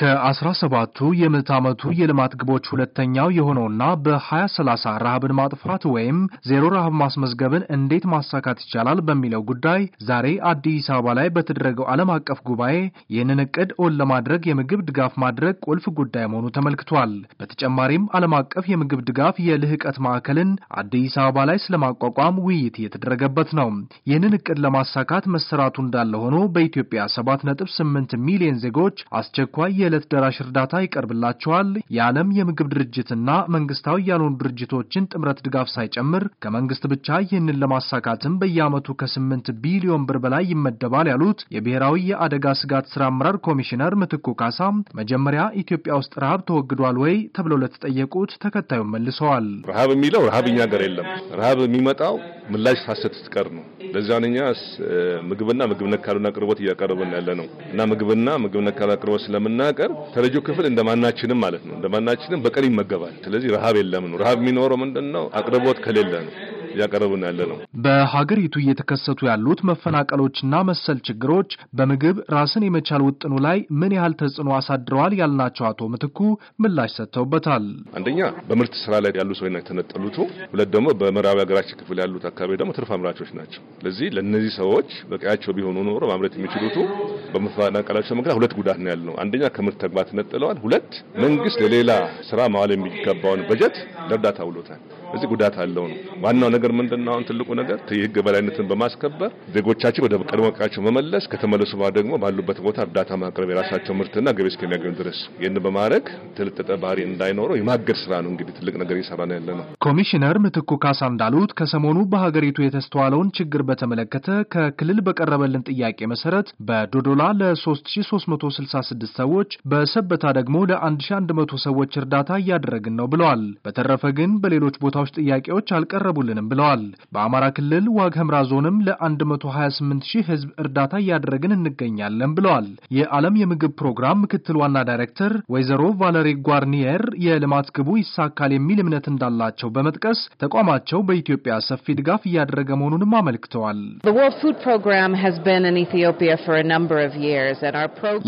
ከአስራ ሰባቱ የምዕተ ዓመቱ የልማት ግቦች ሁለተኛው የሆነውና በ2030 ረሃብን ማጥፋት ወይም ዜሮ ረሃብ ማስመዝገብን እንዴት ማሳካት ይቻላል በሚለው ጉዳይ ዛሬ አዲስ አበባ ላይ በተደረገው ዓለም አቀፍ ጉባኤ ይህንን እቅድ እውን ለማድረግ የምግብ ድጋፍ ማድረግ ቁልፍ ጉዳይ መሆኑ ተመልክቷል። በተጨማሪም ዓለም አቀፍ የምግብ ድጋፍ የልህቀት ማዕከልን አዲስ አበባ ላይ ስለማቋቋም ውይይት እየተደረገበት ነው። ይህንን እቅድ ለማሳካት መሰራቱ እንዳለ ሆኖ በኢትዮጵያ 7.8 ሚሊዮን ዜጎች አስቸኳይ የዕለት ደራሽ እርዳታ ይቀርብላቸዋል። የዓለም የምግብ ድርጅትና መንግስታዊ ያልሆኑ ድርጅቶችን ጥምረት ድጋፍ ሳይጨምር ከመንግስት ብቻ ይህንን ለማሳካትም በየዓመቱ ከስምንት ቢሊዮን ብር በላይ ይመደባል ያሉት የብሔራዊ የአደጋ ስጋት ስራ አመራር ኮሚሽነር ምትኩ ካሳ መጀመሪያ ኢትዮጵያ ውስጥ ረሃብ ተወግዷል ወይ ተብለው ለተጠየቁት ተከታዩን መልሰዋል። ረሃብ የሚለው ረሃብ እኛ ገር የለም። ረሃብ የሚመጣው ምላሽ ሳሰት ስትቀር ነው። ለዚያ እኛ ምግብና ምግብ ነክ ካልሆነ አቅርቦት እያቀረብን ያለ ነው እና ምግብና ምግብ ነክ ካልሆነ አቅርቦት ስለምናቀርብ ተረጂው ክፍል እንደማናችንም ማለት ነው እንደማናችንም በቀን ይመገባል። ስለዚህ ረሃብ የለም ነው። ረሃብ የሚኖረው ምንድን ነው? አቅርቦት ከሌለ ነው። እያቀረብን ያለ ነው። በሀገሪቱ እየተከሰቱ ያሉት መፈናቀሎችና መሰል ችግሮች በምግብ ራስን የመቻል ውጥኑ ላይ ምን ያህል ተጽዕኖ አሳድረዋል ያልናቸው አቶ ምትኩ ምላሽ ሰጥተውበታል። አንደኛ በምርት ስራ ላይ ያሉ ሰዎች ናቸው የተነጠሉት። ሁለት ደግሞ በምዕራብ ሀገራችን ክፍል ያሉት አካባቢ ደግሞ ትርፍ አምራቾች ናቸው። ስለዚህ ለእነዚህ ሰዎች በቀያቸው ቢሆኑ ኖሮ ማምረት የሚችሉት በመፈናቀላቸው ምክንያት ሁለት ጉዳት ነው ያለው። አንደኛ ከምርት ተግባር ተነጥለዋል። ሁለት መንግስት ለሌላ ስራ ማዋል የሚገባውን በጀት ለእርዳታ ውሎታል። እዚህ ጉዳት አለው ነው ዋናው ነገር ምንድን ነው? አሁን ትልቁ ነገር የህግ በላይነትን በማስከበር ዜጎቻችን ወደ ቀድሞ ቀያቸው መመለስ፣ ከተመለሱ በኋላ ደግሞ ባሉበት ቦታ እርዳታ ማቅረብ የራሳቸው ምርትና ገቢ እስከሚያገኙ ድረስ ይህን በማድረግ የተለጠጠ ባህሪ እንዳይኖረው የማገድ ስራ ነው እንግዲህ ትልቅ ነገር እየሰራ ነው ያለ ነው። ኮሚሽነር ምትኩ ካሳ እንዳሉት ከሰሞኑ በሀገሪቱ የተስተዋለውን ችግር በተመለከተ ከክልል በቀረበልን ጥያቄ መሰረት በዶዶላ ለ3366 ሰዎች በሰበታ ደግሞ ለ1100 ሰዎች እርዳታ እያደረግን ነው ብለዋል። በተረፈ ግን በሌሎች ቦታ ቦታዎች ጥያቄዎች አልቀረቡልንም ብለዋል። በአማራ ክልል ዋግ ህምራ ዞንም ለ128 ሺህ ህዝብ እርዳታ እያደረግን እንገኛለን ብለዋል። የዓለም የምግብ ፕሮግራም ምክትል ዋና ዳይሬክተር ወይዘሮ ቫለሪ ጓርኒየር የልማት ግቡ ይሳካል የሚል እምነት እንዳላቸው በመጥቀስ ተቋማቸው በኢትዮጵያ ሰፊ ድጋፍ እያደረገ መሆኑንም አመልክተዋል።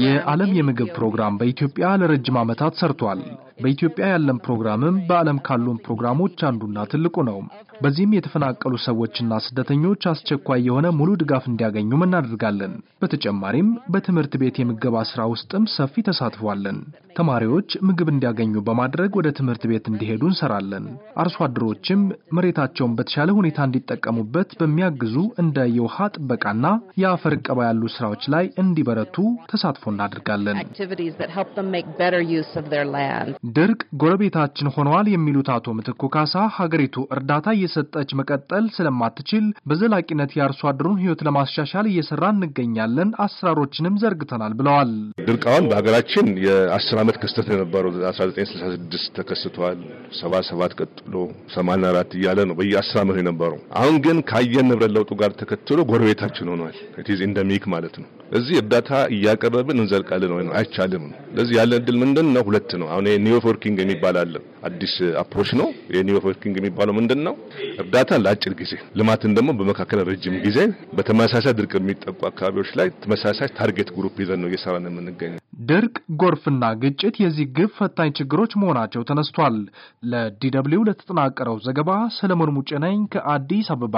የዓለም የምግብ ፕሮግራም በኢትዮጵያ ለረጅም ዓመታት ሰርቷል። በኢትዮጵያ ያለን ፕሮግራምም በዓለም ካሉን ፕሮግራሞች አንዱና ትልቁ ነው። በዚህም የተፈናቀሉ ሰዎችና ስደተኞች አስቸኳይ የሆነ ሙሉ ድጋፍ እንዲያገኙም እናደርጋለን። በተጨማሪም በትምህርት ቤት የምገባ ስራ ውስጥም ሰፊ ተሳትፏለን። ተማሪዎች ምግብ እንዲያገኙ በማድረግ ወደ ትምህርት ቤት እንዲሄዱ እንሰራለን። አርሶ አደሮችም መሬታቸውን በተሻለ ሁኔታ እንዲጠቀሙበት በሚያግዙ እንደ የውሃ ጥበቃና የአፈር እቀባ ያሉ ስራዎች ላይ እንዲበረቱ ተሳትፎ እናደርጋለን። ድርቅ ጎረቤታችን ሆነዋል የሚሉት አቶ ምትኩ ካሳ ሀገሪቱ እርዳታ እየሰጠች መቀጠል ስለማትችል በዘላቂነት የአርሶ አደሩን ሕይወት ለማሻሻል እየሰራ እንገኛለን፣ አሰራሮችንም ዘርግተናል ብለዋል። ድርቃውን በሀገራችን የአስር ዓመት ክስተት የነበረው 1966 ተከስተዋል። 77 ቀጥሎ 84 እያለ ነው በየአስር ዓመቱ የነበረው። አሁን ግን ከአየር ንብረት ለውጡ ጋር ተከትሎ ጎረቤታችን ሆኗል። ኢትዝ ኢንደሚክ ማለት ነው። እዚህ እርዳታ እያቀረብን እንዘልቃለን ወይ አይቻልም ነው። ለዚህ እድል ምንድን ነው? ሁለት ነው። አሁን ኒዮ ኒው ወርኪንግ የሚባል አለ። አዲስ አፕሮች ነው። የኒው ወርኪንግ የሚባለው ምንድን ነው? እርዳታ ለአጭር ጊዜ ልማትን ደግሞ በመካከል ረጅም ጊዜ በተመሳሳይ ድርቅ የሚጠቁ አካባቢዎች ላይ ተመሳሳይ ታርጌት ግሩፕ ይዘን ነው እየሰራ ነው የምንገኘው። ድርቅ፣ ጎርፍና ግጭት የዚህ ግብ ፈታኝ ችግሮች መሆናቸው ተነስቷል። ለዲ ደብልዩ ለተጠናቀረው ዘገባ ሰለሞን ሙጬ ነኝ ከአዲስ አበባ።